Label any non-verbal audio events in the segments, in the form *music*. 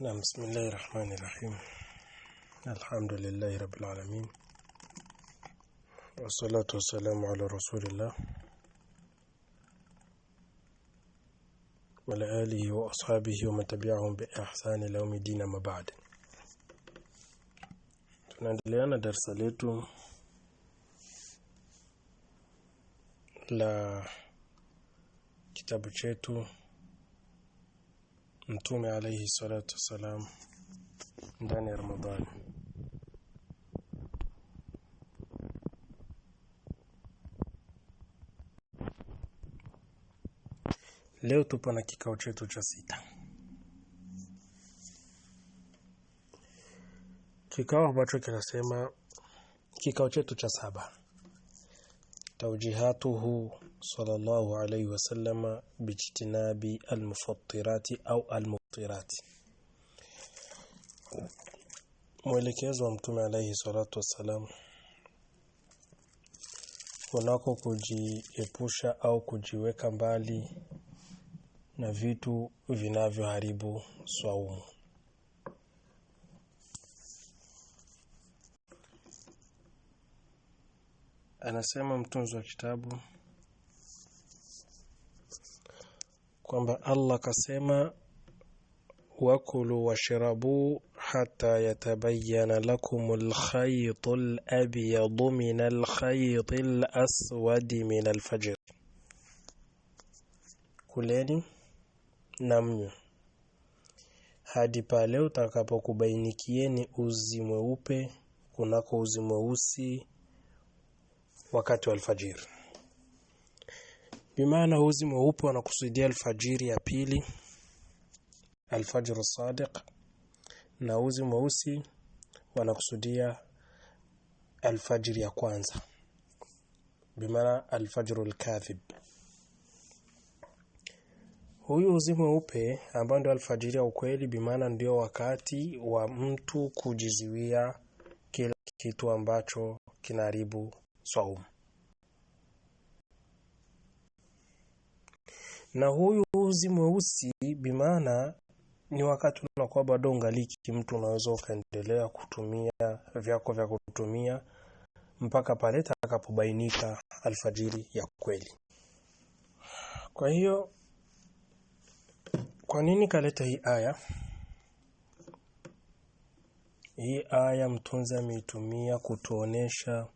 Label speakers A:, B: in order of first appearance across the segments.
A: نعم بسم الله الرحمن الرحيم الحمد لله رب العالمين والصلاة والسلام على رسول الله وعلى آله وأصحابه ومن تبعهم بإحسان إلى يوم الدين ما بعد tunaendeleana درس letu la kitabu chetu Mtume alayhi salatu wasalam ndani ya Ramadhani Leo tupo na kikao chetu cha sita. Kikao ambacho kinasema kikao chetu cha saba. Taujihatuhu sallallahu alayhi wasallama bijtinabi almufattirati au almuftirati mwelekezo wa mtume alayhi salatu wassalam kunako kujiepusha au kujiweka mbali na vitu vinavyoharibu swaumu anasema mtunzi wa kitabu kwamba Allah kasema wakulu washrabu hata yatabayana lakum alkhaytu alabyadu min alkhayt alaswadi min alfajr, kuleni na hadi pale utakapokubainikieni uzi mweupe kunako uzi mweusi wakati wa alfajiri bimaana huzi mweupe wanakusudia alfajiri ya pili alfajiru sadiq na uzi mweusi wanakusudia alfajiri ya kwanza bimaana alfajru lkadhib huyu uzi mweupe ambao ndio alfajiri ya ukweli bimaana ndio wakati wa mtu kujiziwia kila kitu ambacho kinaharibu swaumu na huyu uzi mweusi bimaana ni wakati unakuwa bado ungaliki mtu unaweza ukaendelea kutumia vyako vya kutumia mpaka pale takapobainika alfajiri ya kweli. Kwa hiyo kwa nini kaleta hii aya? Hii aya mtunzi ameitumia kutuonesha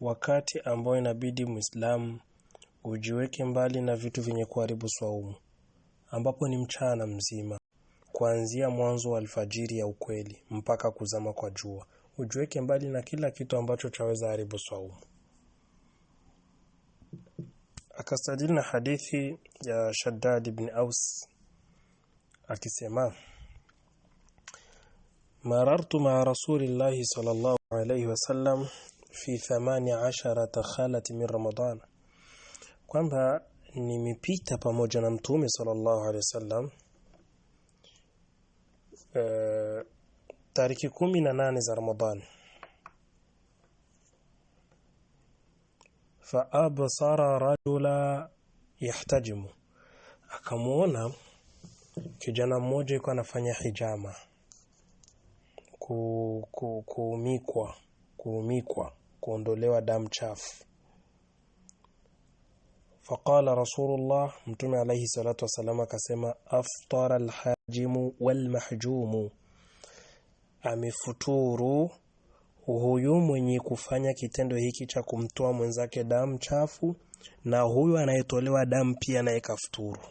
A: wakati ambao inabidi Muislamu Ujiweke mbali na vitu vyenye kuharibu swaumu, ambapo ni mchana mzima, kuanzia mwanzo wa alfajiri ya ukweli mpaka kuzama kwa jua. Ujiweke mbali na kila kitu ambacho chaweza haribu swaumu. Akastadili na hadithi ya Shaddad ibn Aus akisema, marartu ma rasulillahi sallallahu alayhi wasallam fi thamani asharata min Ramadana kwamba nimepita pamoja na mtume sallallahu alaihi wasallam eh, tariki kumi na nane za Ramadhan fa absara rajula yahtajimu akamwona kijana mmoja yuko anafanya hijama ku, ku, kuumikwa kuumikwa kuondolewa damu chafu Faqala Rasulullah, Mtume alaihi salatu wasalam akasema, aftara alhajimu walmahjumu, amefuturu huyu mwenye kufanya kitendo hiki cha kumtoa mwenzake damu chafu na huyu anayetolewa damu pia naye kafuturu.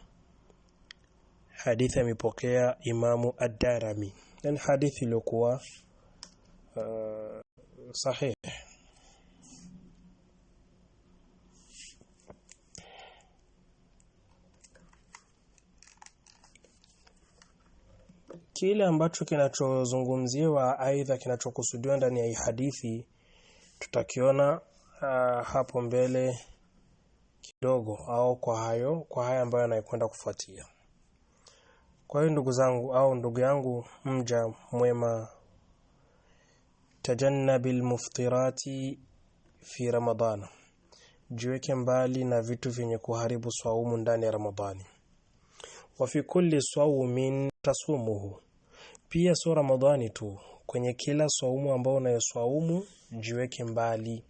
A: Hadithi amepokea Imamu Ad-Darimi, hadithi iliyokuwa uh, sahih. kile ambacho kinachozungumziwa aidha kinachokusudiwa ndani ya hadithi tutakiona uh, hapo mbele kidogo au kwa hayo kwa haya ambayo anayekwenda kufuatia. Kwa hiyo ndugu zangu au ndugu yangu mja mwema, tajannabil muftirati fi Ramadhana, jiweke mbali na vitu vyenye kuharibu swaumu ndani ya Ramadhani wa fi kulli sawmin tasumuhu, pia sio Ramadhani tu, kwenye kila saumu ambao unayoswaumu jiweke mbali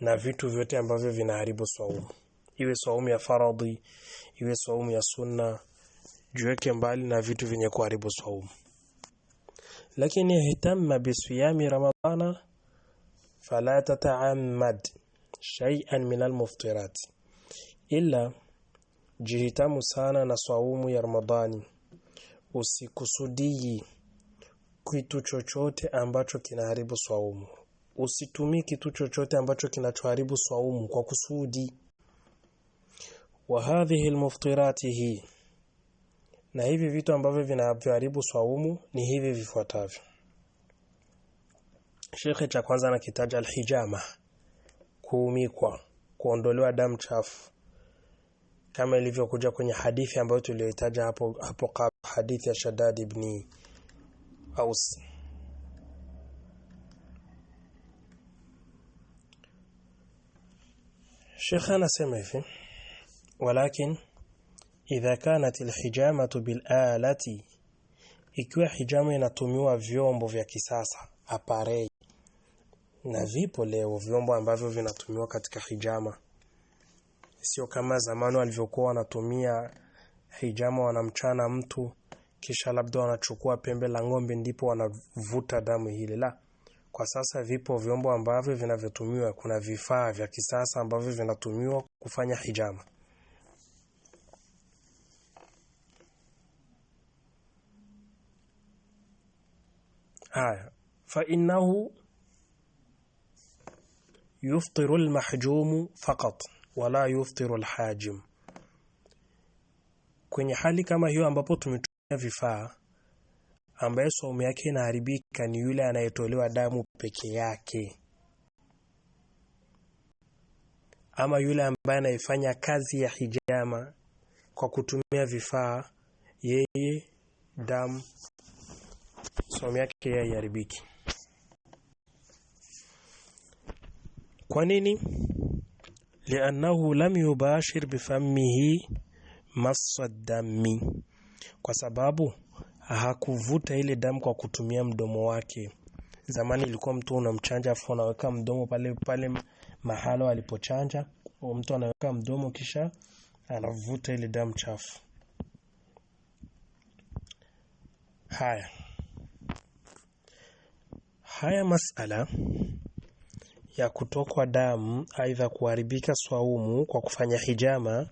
A: na vitu vyote ambavyo vinaharibu swaumu, iwe swaumu ya faradhi, iwe swaumu ya sunna, jiweke mbali na vitu vyenye kuharibu swaumu. Lakini ihtamma bisiyami ramadhana fala tataammad shay'an min almuftirat illa Jihitamu sana na swaumu ya Ramadhani. Usikusudii kitu chochote ambacho kinaharibu swaumu. Usitumii kitu chochote ambacho kinachoharibu swaumu kwa kusudi. Wa hadhihi almuftirati hii, na hivi vitu ambavyo vinavyoharibu swaumu ni hivi vifuatavyo. Shekhe cha kwanza anakitaja alhijama, kuumikwa, kuondolewa damu chafu kama ilivyokuja kwenye hadithi ambayo tuliyoitaja hapo hapo kabla, hadithi ya Shaddad ibn Aus. Sheikh anasema hivi, walakin idha kanat alhijamatu bilalati, ikiwa hijama inatumiwa vyombo vya kisasa aparei na vipo leo vyombo ambavyo vinatumiwa katika hijama sio kama zamani walivyokuwa wanatumia hijama wanamchana mtu kisha labda wanachukua pembe la ng'ombe ndipo wanavuta damu hili la kwa sasa vipo vyombo ambavyo vinavyotumiwa kuna vifaa vya kisasa ambavyo vinatumiwa kufanya hijama haya fainahu yuftiru lmahjumu faqat wala yuftiru alhajim kwenye hali kama hiyo ambapo tumetumia vifaa ambaye saumu yake inaharibika ni yule anayetolewa damu peke yake ama yule ambaye anayefanya kazi ya hijama kwa kutumia vifaa yeye damu saumu yake yeye haiharibiki kwa nini liannahu lam yubashir bifamihi massa dami, kwa sababu hakuvuta ile damu kwa kutumia mdomo wake. Zamani ilikuwa mtu unamchanja afu anaweka mdomo pale pale mahalo alipochanja, mtu anaweka mdomo kisha anavuta ile damu chafu. Haya haya masala ya kutokwa damu aidha kuharibika swaumu kwa kufanya hijama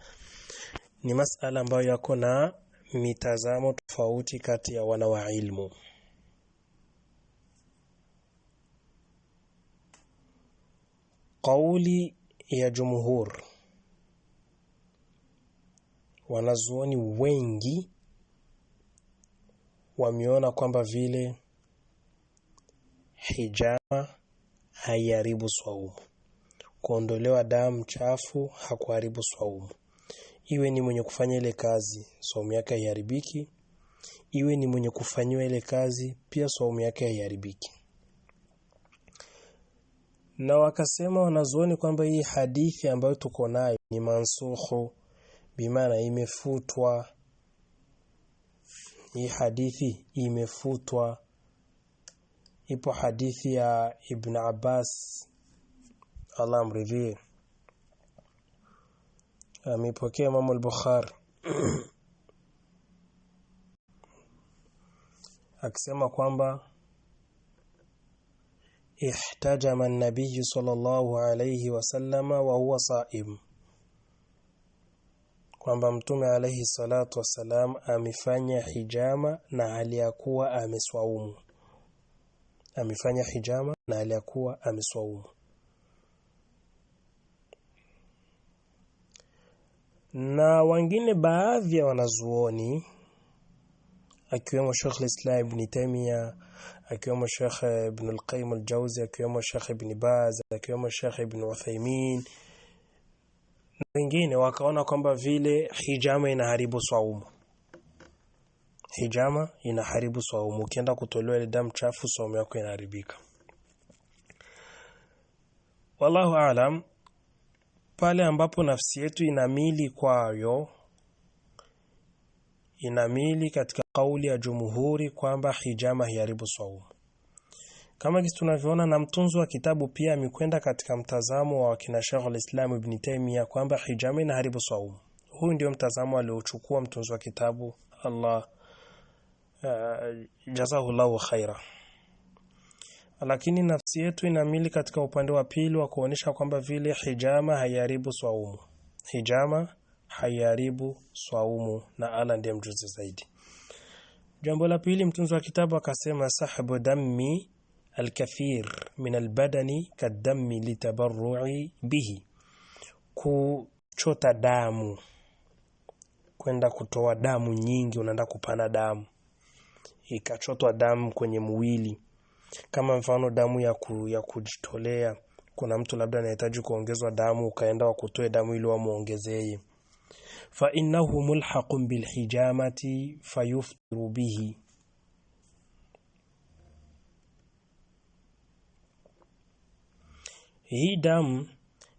A: ni masala ambayo yako na mitazamo tofauti kati ya wana wa ilmu. Kauli ya jumhur, wanazuoni wengi wameona kwamba vile hijama haiharibu swaumu. Kuondolewa damu chafu hakuharibu swaumu. Iwe ni mwenye kufanya ile kazi, swaumu yake haiharibiki. Iwe ni mwenye kufanyiwa ile kazi, pia swaumu yake haiharibiki. Na wakasema wanazuoni kwamba hii hadithi ambayo tuko nayo ni mansuhu, bimaana imefutwa. Hii hadithi imefutwa ipo hadithi ya Ibn Abbas Allah amridhie amepokea Imam al-Bukhari *clears throat* akisema kwamba ihtajama an-nabiy sallallahu alayhi wasallama wa huwa saim kwamba mtume alayhi salatu wasalam amefanya hijama na hali ya kuwa ameswaumu amefanya hijama na aliyakuwa ameswaumu na wengine baadhi ya wanazuoni akiwemo Sheikh Islam Ibn Taymiya akiwemo Sheikh Ibn al-Qayyim al-Jawzi akiwemo Sheikh Ibn Baz akiwemo Sheikh Ibn Uthaymeen wengine wakaona kwamba vile hijama inaharibu swaumu hijama inaharibu swaumu. Ukienda kutolewa ile damu chafu, swaumu yako inaharibika. Wallahu aalam. Pale ambapo nafsi yetu inamili kwayo, inamili katika kauli ya jumhuri kwamba hijama hiharibu swaumu, kama kisi tunavyoona, na mtunzi wa kitabu pia amekwenda katika mtazamo wa kina Sheikh al-Islam Ibn Taymiyyah kwamba hijama inaharibu swaumu. Huyu ndio mtazamo aliochukua mtunzi wa kitabu Allah Eh, jazahullahu khaira. Lakini nafsi yetu mili katika upande wa pili wa kuonesha kwamba vile hijama haiharibu swaumu. Hijama haiharibu swaumu na ala ndiye mjuzi zaidi. Jambo la pili, mtunzi wa kitabu akasema sahbu dammi alkathir min albadani kadami litabarrui bihi, kuchota damu, kwenda kutoa damu nyingi, unaenda kupana damu ikachotwa damu kwenye mwili kama mfano damu ya, ku, ya kujitolea kuna mtu labda anahitaji kuongezwa damu ukaenda wakutoe damu ili wamuongezee fa innahu mulhaqun bilhijamati fayuftiru bihi hii damu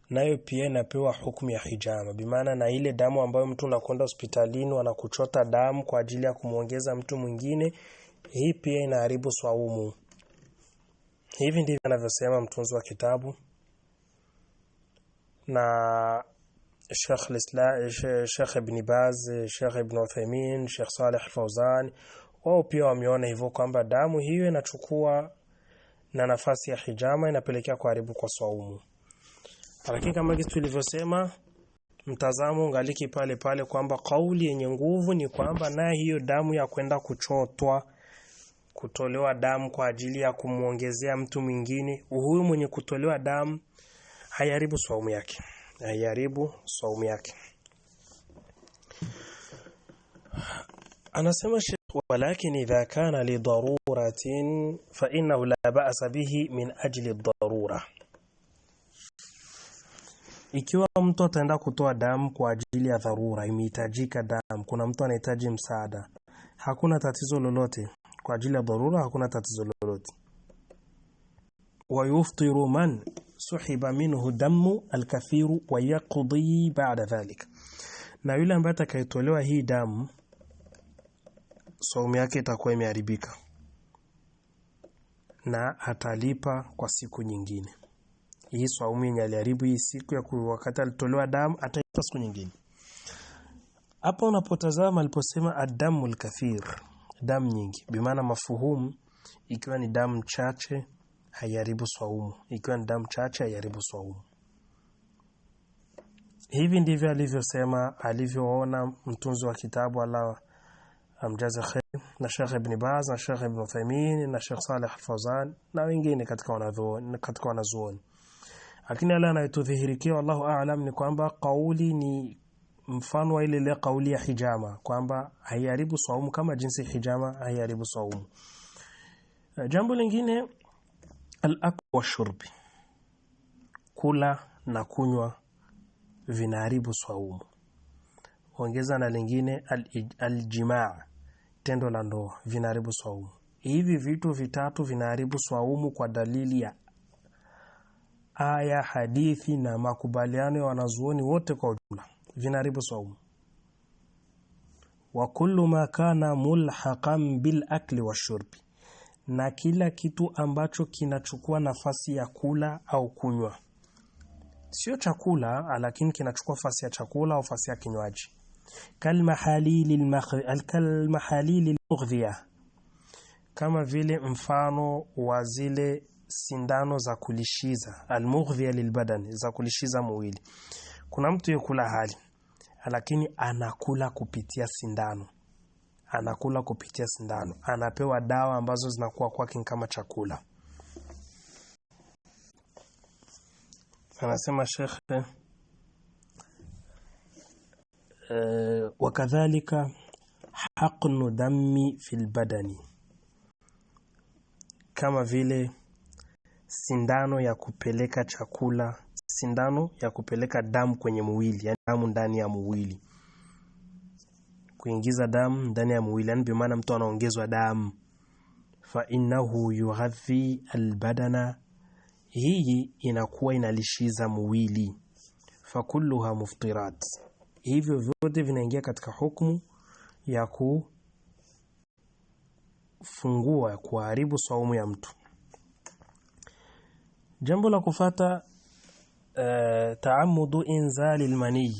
A: nayo pia inapewa hukumu ya hijama, bimaana na ile damu ambayo mtu unakwenda hospitalini wanakuchota damu kwa ajili ya kumwongeza mtu mwingine, hii pia inaharibu swaumu. Hivi ndivyo anavyosema mtunzi wa kitabu na Sheikh Islam, Sheikh Ibn Baz, Sheikh Ibn Uthaymeen, Sheikh Saleh fawzan wao pia wameona hivyo kwamba damu hiyo inachukua na nafasi ya hijama inapelekea kuharibu kwa swaumu. Lakini kama kitu tulivyosema, mtazamo ungaliki pale pale kwamba kauli yenye nguvu ni kwamba naye hiyo damu ya kwenda kuchotwa kutolewa damu kwa ajili ya kumwongezea mtu mwingine, huyu mwenye kutolewa damu hayaribu saumu yake, hayaribu saumu yake. Anasema walakin idha kana lidharuratin fa innahu la ba'sa bihi min ajli ad-darura ikiwa mtu ataenda kutoa damu kwa ajili ya dharura, imehitajika damu, kuna mtu anahitaji msaada, hakuna tatizo lolote kwa ajili ya dharura, hakuna tatizo lolote. Wayuftiru man suhiba minhu damu alkathiru yaqdi baada dhalik, na yule ambaye atakayetolewa hii damu saumu yake itakuwa imeharibika na atalipa kwa siku nyingine. Hii swaumu yenye aliharibu hii siku ya wakati alitolewa damu ataipa siku nyingine. Hapa unapotazama aliposema adamul kathir, damu nyingi, bi maana mafuhumu, ikiwa ni damu chache haiharibu swaumu, ikiwa ni damu chache haiharibu swaumu. Hivi ndivyo alivyosema alivyoona mtunzi wa kitabu Allah amjaze khair, na Sheikh Ibn Baz na Sheikh Ibn Uthaymeen na Sheikh Saleh Al-Fawzan na wengine katika wanazuoni katika wanazuoni lakini yale anayotudhihirikia wallahu alam ni kwamba kauli ni mfano wa ile ile kauli ya hijama kwamba haiharibu saumu kama jinsi hijama haiharibu saumu. Eh, jambo lingine al-akl wa shurbi, kula na kunywa vinaharibu saumu. Ongeza na lingine aljimaa, tendo la ndoa vinaharibu saumu. Hivi vitu vitatu vinaharibu saumu kwa dalili ya aya, hadithi na makubaliano ya wanazuoni wote kwa ujumla vinaharibu saumu. Wa kullu ma kana mulhaqan bil akli washurbi, na kila kitu ambacho kinachukua nafasi ya kula au kunywa, sio chakula, lakini kinachukua nafasi ya chakula au nafasi ya kinywaji. Kalmahalili lmughdhiya, kama vile mfano wa zile sindano za kulishiza almughdhiya lilbadani za kulishiza mwili. Kuna mtu yukula hali lakini anakula kupitia sindano, anakula kupitia sindano, anapewa dawa ambazo zinakuwa kwake kama chakula. Anasema shekhe eh, wakadhalika haqnu dami fi lbadani, kama vile sindano ya kupeleka chakula, sindano ya kupeleka damu kwenye mwili, yani damu ndani ya mwili, kuingiza damu ndani ya mwili, yani kwa maana mtu anaongezwa damu. Fa innahu yughadhi albadana, hii inakuwa inalishiza mwili. Fa kulluha muftirat, hivyo vyote vinaingia katika hukumu ya kufungua kuharibu saumu ya mtu. Jambo la kufata uh, taamudu inzali almani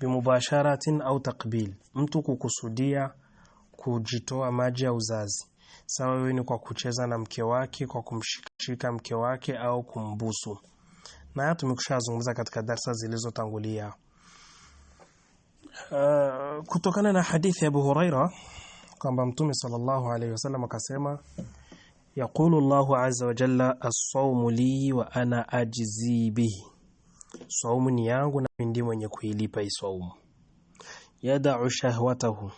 A: bimubasharatin au takbil, mtu kukusudia kujitoa maji ya uzazi, sawa wewe ni kwa kucheza na mke wake, kwa kumshika mke wake au kumbusu. Na haya tumekushazungumza katika darsa zilizotangulia. Uh, kutokana na hadithi ya Abu Huraira kwamba Mtume sallallahu alaihi wasallam akasema يقول الله عز وجل الصوم لي وأنا أجزي به صوم yangu na mimi ndiye mwenye kuilipa isaumu yadau shahwatahu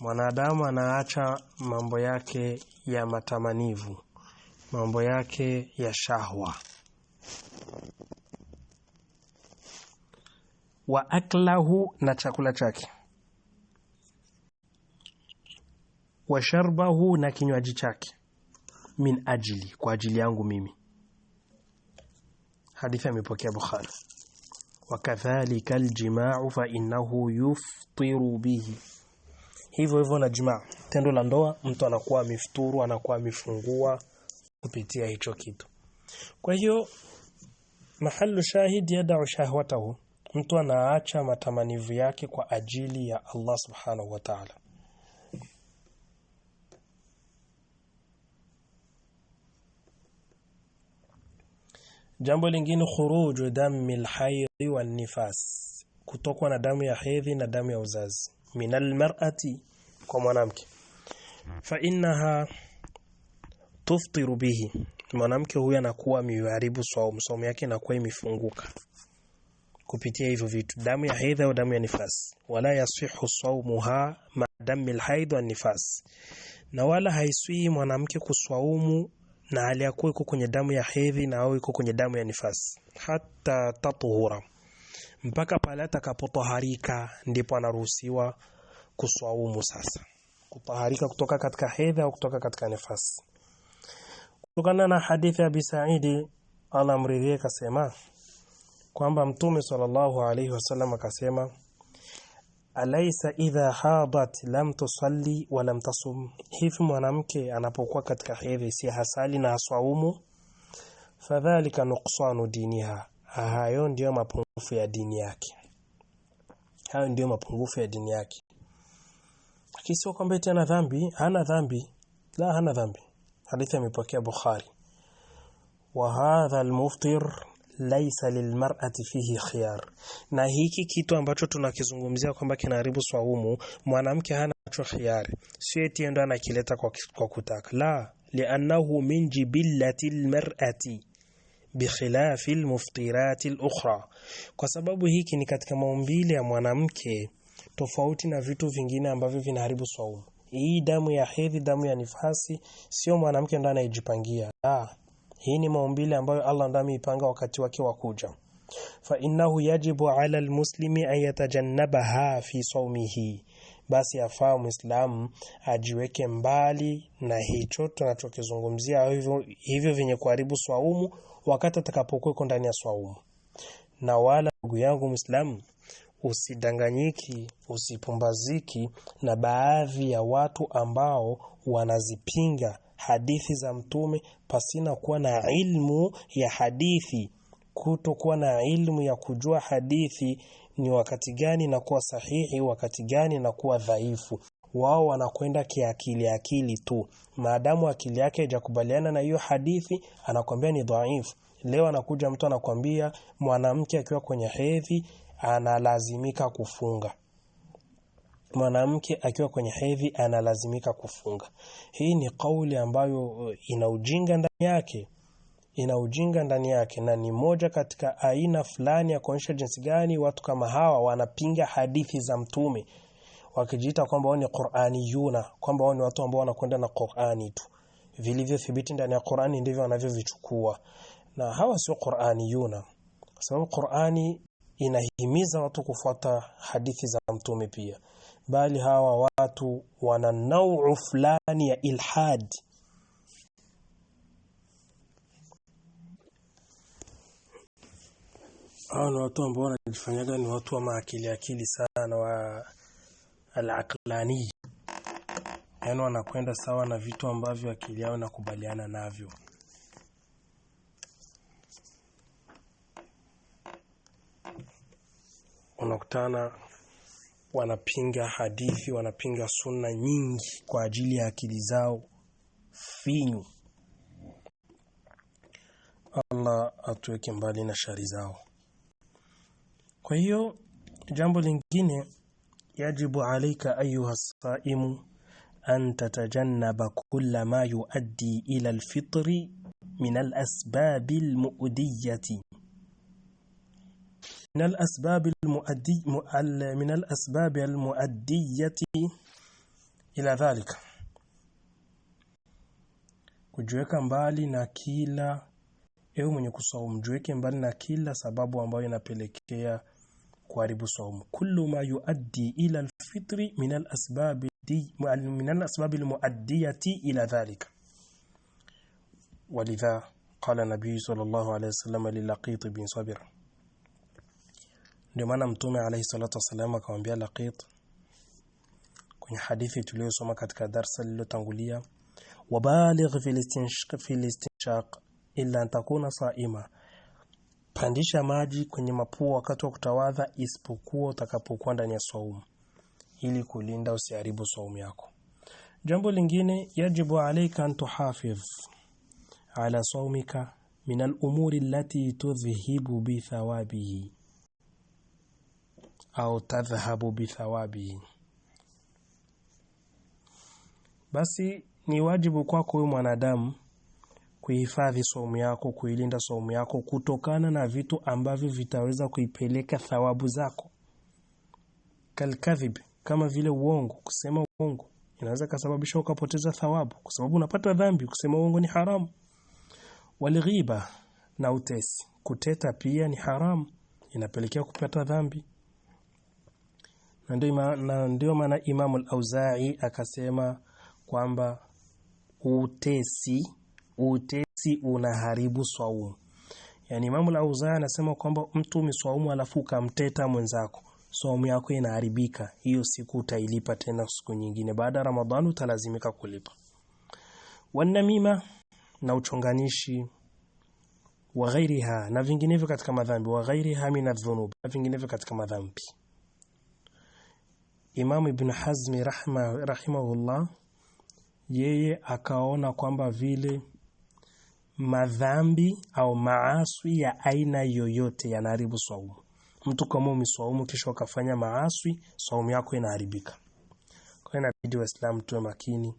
A: mwanadamu anaacha mambo yake ya matamanivu mambo yake ya shahwa wa aklahu na chakula chake wa sharbahu, na kinywaji chake, min ajili, kwa ajili yangu mimi. Hadithi amepokea Bukhari. Wa kadhalika aljimau fa innahu yuftiru bihi, hivyo hivyo na jimaa, tendo la ndoa, mtu anakuwa amefuturu, anakuwa amefungua kupitia hicho kitu. Kwa hiyo mahalu shahidi yadau shahwatahu, mtu anaacha matamanivu yake kwa ajili ya Allah subhanahu wa ta'ala. Jambo lingine khuruju dami lhaidhi wanifas, kutokwa na damu ya hedhi na damu ya uzazi, Min almarati, kwa mwanamke. Fa innaha tuftiru bihi, mwanamke huyu anakuwa ameharibu swaumu, swaumu yake inakuwa imefunguka kupitia hivyo vitu, damu ya hedhi au damu ya nifas. Wala yasihu swaumuha ma dami lhaidhi wanifas, na wala haiswi mwanamke kuswaumu na hali ya kuwa iko kwenye damu ya hedhi na au iko kwenye damu ya nifasi, hata tatuhura, mpaka pale atakapotaharika, ndipo anaruhusiwa kuswaumu. Sasa kutaharika kutoka katika hedhi au kutoka katika nifasi, kutokana na hadithi ya Abi Saidi Allah amridhie, kasema kwamba Mtume sallallahu alayhi wasallam akasema Alaisa idha hadat lam tusalli wa lam tasum, hivi mwanamke anapokuwa katika hedhi si hasali na haswaumu? Fadhalika nuqsanu diniha, hayo ndio mapungufu ya dini yake. Hayo ndio mapungufu ya dini yake. Akisio kwamba tena dhambi, hana dhambi, la hana dhambi. Hadithi amepokea Bukhari. Wa hadha almuftir laisa lilmar'ati fihi khiyar. Na hiki kitu ambacho tunakizungumzia kwamba kinaharibu swaumu, mwanamke hana cho khiyari, sio eti ndo anakileta kwa, kwa kutaka la liannahu min jibillati lmar'ati bikhilafi lmuftirati lukhra, kwa sababu hiki ni katika maumbile ya mwanamke tofauti na vitu vingine ambavyo vinaharibu swaumu. Hii damu ya hedhi, damu ya nifasi, sio mwanamke ndo anayejipangia ah. Hii ni maumbile ambayo Allah ndiye ameipanga wakati wake wa kuja. Fa innahu yajibu ala almuslimi an yatajannabaha fi sawmihi, basi afaa Muislamu ajiweke mbali na hicho tunachokizungumzia hivyo, hivyo vyenye kuharibu swaumu wakati atakapokuwa ndani ya swaumu. Na wala ndugu yangu Muislamu, usidanganyiki usipumbaziki na baadhi ya watu ambao wanazipinga hadithi za mtume pasina kuwa na ilmu ya hadithi. Kutokuwa na ilmu ya kujua hadithi ni wakati gani na kuwa sahihi, wakati gani na kuwa dhaifu. Wao wanakwenda kiakili akili tu, maadamu akili yake haijakubaliana na hiyo hadithi, anakwambia ni dhaifu. Leo anakuja mtu anakwambia mwanamke akiwa kwenye hedhi analazimika kufunga mwanamke akiwa kwenye hedhi analazimika kufunga. Hii ni kauli ambayo uh, ina ujinga ndani yake, ina ujinga ndani yake, na ni moja katika aina fulani ya kuonyesha jinsi gani watu kama hawa wanapinga hadithi za Mtume wakijiita kwamba wao ni Qurani yuna, kwamba wao ni watu ambao wanakwenda na Qur'ani tu. Vilivyothibiti ndani ya Qur'ani ndivyo wanavyovichukua, na hawa sio Qurani yuna, kwa sababu Qur'ani inahimiza watu kufuata hadithi za Mtume pia bali hawa watu wana nau'u fulani ya ilhad hawa ni watu ambao wanajifanyaga ni watu wa maakili akili sana wa alaqlani yaani wanakwenda sawa na vitu ambavyo akili yao inakubaliana navyo unakutana wanapinga hadithi, wanapinga sunna nyingi kwa ajili ya akili zao finyu. Allah atuweke mbali na shari zao. Kwa hiyo jambo lingine, yajibu alaika ayuha saimu an tatajannaba kulla ma yuaddi ila alfitri min alasbabi almudiyati من الأسباب المؤدي من الأسباب المؤدية إلى ذلك kujiweka mbali na kila ewe mwenye kusaumu jiweke mbali na kila sababu ambayo inapelekea kuharibu saumu kullu ma yuaddi ila alfitri min alasbabi min alasbabi almuaddiyati ila dhalika walidha qala nabii sallallahu alayhi wasallam lilaqit bin sabir Ndio maana Mtume alayhi salatu wasallam akamwambia Laqit kwenye hadithi tuliyosoma katika darsa lililotangulia, wabaligh fil istinshaq illa an takuna saima, pandisha maji kwenye mapua wakati wa kutawadha, isipokuwa utakapokuwa ndani ya saumu, ili kulinda usiharibu saumu yako. Jambo lingine, yajibu alayka an tuhafiz ala saumika min al-umuri allati tudhhibu bi thawabihi au tadhhabu bithawabihi basi ni wajibu kwako wewe mwanadamu kuhifadhi saumu yako kuilinda saumu yako kutokana na vitu ambavyo vitaweza kuipeleka thawabu zako kalkadhib kama vile uongo kusema uongo inaweza kasababisha ukapoteza thawabu kwa sababu unapata dhambi kusema uongo ni haramu Walghiba na utesi kuteta pia ni haramu inapelekea kupata dhambi na ndio maana Imamu al-Auzai akasema kwamba utesi utesi unaharibu swaumu. Yani Imamu al-Auzai anasema kwamba mtu umeswaumu alafu ukamteta mwenzako, swaumu yako inaharibika. Hiyo siku utailipa tena siku nyingine, baada ya Ramadhani utalazimika kulipa. Wanamima na uchonganishi wa ghairiha na vinginevyo katika madhambi, wa ghairiha minadhunub na vinginevyo katika madhambi Imamu Ibn Hazmi rahma, rahimahullah yeye akaona kwamba vile madhambi au maaswi ya aina yoyote yanaharibu swaumu. Mtu kama umeswaumu kisha ukafanya maaswi, swaumu yako inaharibika. Kwa hiyo inabidi Waislamu tuwe makini,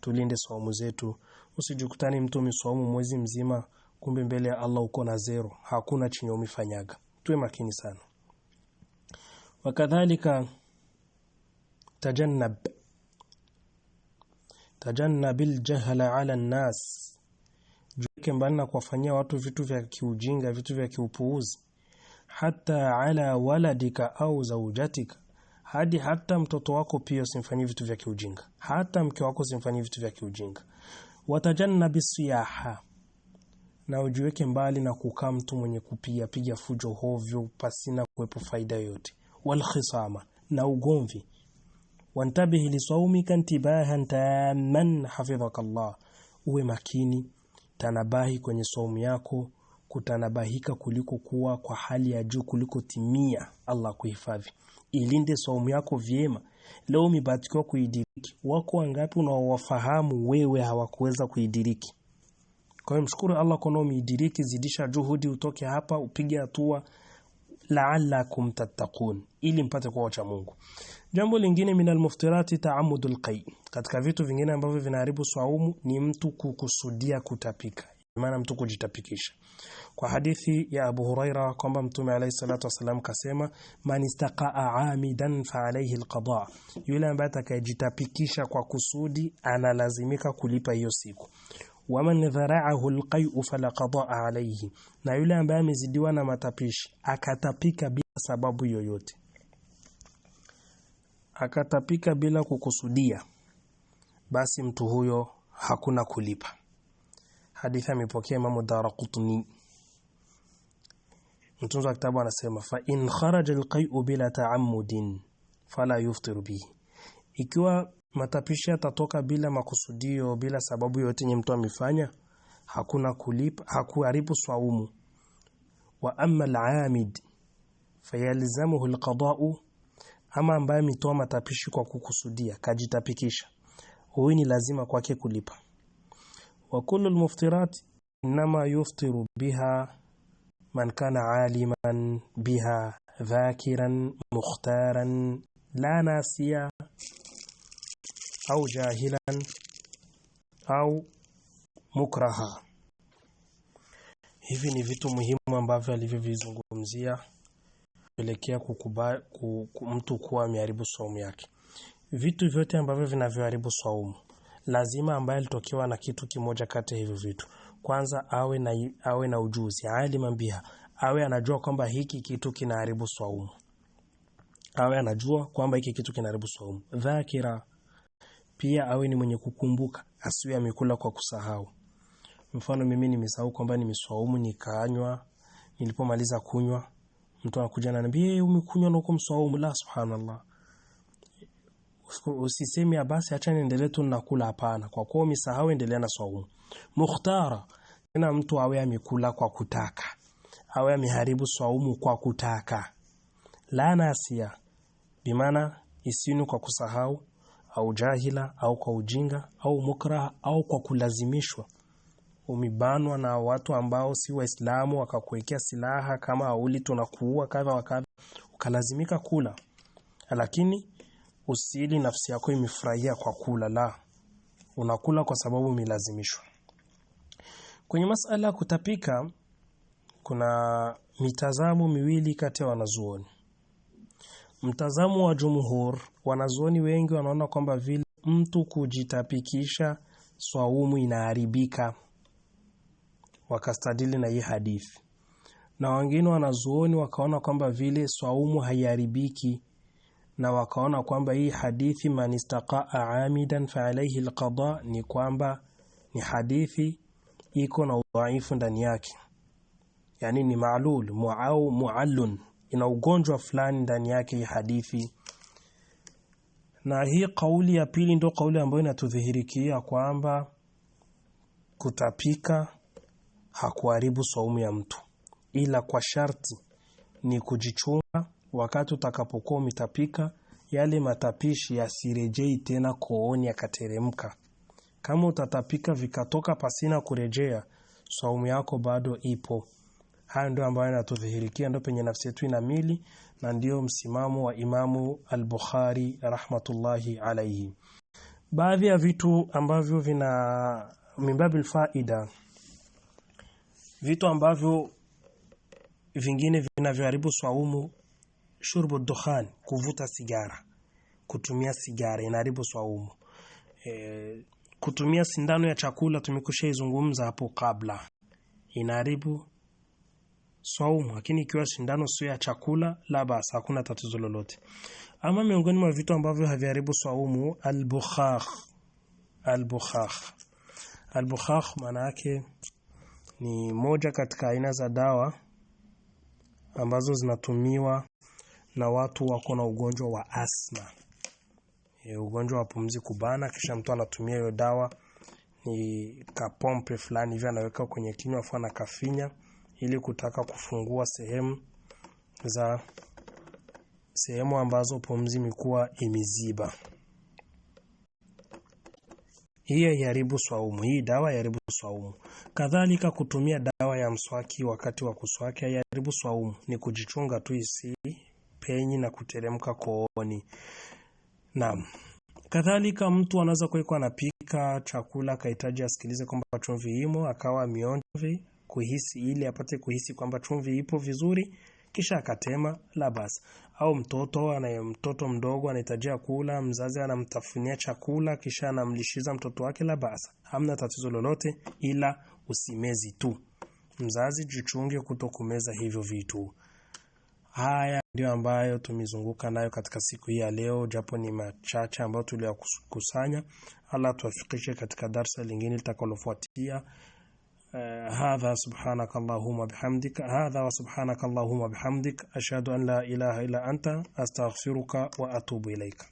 A: tulinde swaumu zetu. Usijikutani mtu umeswaumu mwezi mzima, kumbe mbele ya Allah uko na zero, hakuna chenye umefanyaga. Tuwe makini sana, wakadhalika tajannab tajannabil jahala ala nnas juke mbali na kuwafanyia watu vitu vya kiujinga vitu vya kiupuuzi hata ala waladika au zaujatika hadi hata mtoto wako pia usimfanyie vitu vya kiujinga hata mke wako usimfanyie vitu vya kiujinga watajannabi siyaha na ujiweke mbali na kukaa mtu mwenye kupiga piga fujo hovyo pasina kuwepo faida yoyote walkhisama na ugomvi wantabihi lisaumika intibahan tamman hafidhakallah, uwe makini tanabahi kwenye saumu yako, kutanabahika kuliko kuwa kwa hali ya juu kuliko timia. Allah kuhifadhi, ilinde saumu yako vyema. Leo umebarikiwa kuidiriki, wako wangapi unaowafahamu wewe hawakuweza kuidiriki? Kwa hiyo mshukuru Allah kwa nao umeidiriki, zidisha juhudi, utoke hapa upige hatua, laalakum tattaqun, ili mpate kuwa wacha Mungu. Jambo lingine min almuftirati taamudu alqai, katika vitu vingine ambavyo vinaharibu swaumu ni mtu kukusudia kutapika, maana mtu kujitapikisha, kwa hadithi ya Abu Huraira kwamba Mtume alayhi salatu wasallam kasema, man istaqaa amidan fa alayhi alqada, yule ambaye atakayejitapikisha kwa kusudi analazimika kulipa hiyo siku waman dharaahu alqai'u fala qadaa alayhi, na yule ambaye amezidiwa na matapishi akatapika bila sababu yoyote akatapika bila kukusudia basi mtu huyo hakuna kulipa hadithi amepokea Imam Darqutni mtunzo wa kitabu anasema fa in kharaja alqai'u bila ta'ammudin fala yuftir bihi ikiwa matapishi yatatoka bila makusudio bila sababu yote yenye mtu amefanya hakuna kulipa hakuharibu swaumu wa amma al'amid fayalzamuhu alqada'u ama ambaye ametoa matapishi kwa kukusudia kajitapikisha, huyu ni lazima kwake kulipa. Wa kullu almuftirat inma yuftiru biha man kana aliman biha dhakiran mukhtaran la nasiya au jahilan au mukraha. Hivi ni vitu muhimu ambavyo alivyovizungumzia kupelekea kukuba, mtu kuwa ameharibu saumu yake. Vitu vyote ambavyo vinavyoharibu saumu lazima ambaye alitokewa na kitu kimoja kati ya hivyo vitu, kwanza awe na, awe na ujuzi alima biha, awe anajua kwamba hiki kitu kinaharibu saumu, awe anajua kwamba hiki kitu kinaharibu saumu. Dhakira pia awe ni mwenye kukumbuka, asiwe amekula kwa kusahau. Mfano, mimi nimesahau kwamba nimeswaumu, nikaanywa nilipomaliza kunywa mtu anakuja ananiambia umekunywa na huko mswaumu la subhanallah usiseme basi acha niendelee tu nakula hapana kwa kuwa umesahau endelea na swaumu mukhtara tena mtu awe amekula kwa kutaka awe ameharibu swaumu kwa kutaka la nasia bimaana isinu kwa kusahau au jahila au kwa ujinga au mukraha au kwa kulazimishwa umibanwa na watu ambao si Waislamu, wakakuwekea silaha kama auli, tunakuua kadha wa kadha, ukalazimika kula, lakini usili nafsi yako imefurahia kwa kula, la unakula kwa sababu umelazimishwa. Kwenye masala kutapika, kuna mitazamo miwili kati ya wanazuoni. Mtazamo wa jumhur, wanazuoni wengi wanaona kwamba vile mtu kujitapikisha swaumu inaharibika wakastadili na hii hadithi, na wengine wanazuoni wakaona kwamba vile swaumu haiharibiki, na wakaona kwamba hii hadithi man istaqaa amidan fa alayhi alqada, ni kwamba ni hadithi iko na udhaifu ndani yake, yani ni maalul muau muallun, ina ugonjwa fulani ndani yake hii hadithi. Na hii kauli ya pili ndio kauli ambayo inatudhihirikia kwamba kutapika hakuharibu saumu ya mtu, ila kwa sharti ni kujichunga wakati utakapokuwa umetapika, yale matapishi yasirejei tena kooni yakateremka. Kama utatapika vikatoka pasina kurejea, saumu yako bado ipo. Haya ndio ambayo yanatudhihirikia, ndio penye nafsi yetu ina mili, na ndio msimamo wa Imamu al-Bukhari rahmatullahi alayhi. Baadhi ya vitu ambavyo vina mimbabil faida vitu ambavyo vingine vinavyoharibu swaumu shurbu dukhan kuvuta sigara kutumia sigara inaharibu swaumu e, kutumia sindano ya chakula tumekusha izungumza hapo kabla inaharibu swaumu lakini ikiwa sindano sio ya chakula la basi hakuna tatizo lolote ama miongoni mwa vitu ambavyo haviharibu swaumu albukhakh albukhakh albukhakh maana yake ni moja katika aina za dawa ambazo zinatumiwa na watu wako na ugonjwa wa asma. E, ugonjwa wa pumzi kubana, kisha mtu anatumia hiyo dawa, ni kapompe fulani hivi anaweka kwenye kinywa afu anakafinya ili kutaka kufungua sehemu za sehemu ambazo pumzi imekuwa imeziba. Hii haiharibu swaumu. Hii dawa haribu swaumu. Kadhalika, kutumia dawa ya mswaki wakati wa kuswaki haiharibu swaumu, ni kujichunga tu isi penyi na kuteremka kooni. Naam. Kadhalika, mtu anaweza na anapika chakula akahitaji asikilize kwamba chumvi imo, akawa mionvi kuhisi ili apate kuhisi kwamba chumvi ipo vizuri kisha akatema la basi. Au mtoto anaye mtoto mdogo anahitajia kula, mzazi anamtafunia chakula kisha anamlishiza mtoto wake la basi. Hamna tatizo lolote, ila usimezi tu. Mzazi jichunge kutokumeza hivyo vitu. Haya ndio ambayo tumizunguka nayo katika siku hii ya leo, japo ni machache ambayo tuliyokusanya. Allah tuwafikishe katika darsa lingine litakalofuatia. آه، هذا سبحانك اللهم بحمدك هذا وسبحانك اللهم بحمدك أشهد أن لا إله إلا أنت أستغفرك وأتوب إليك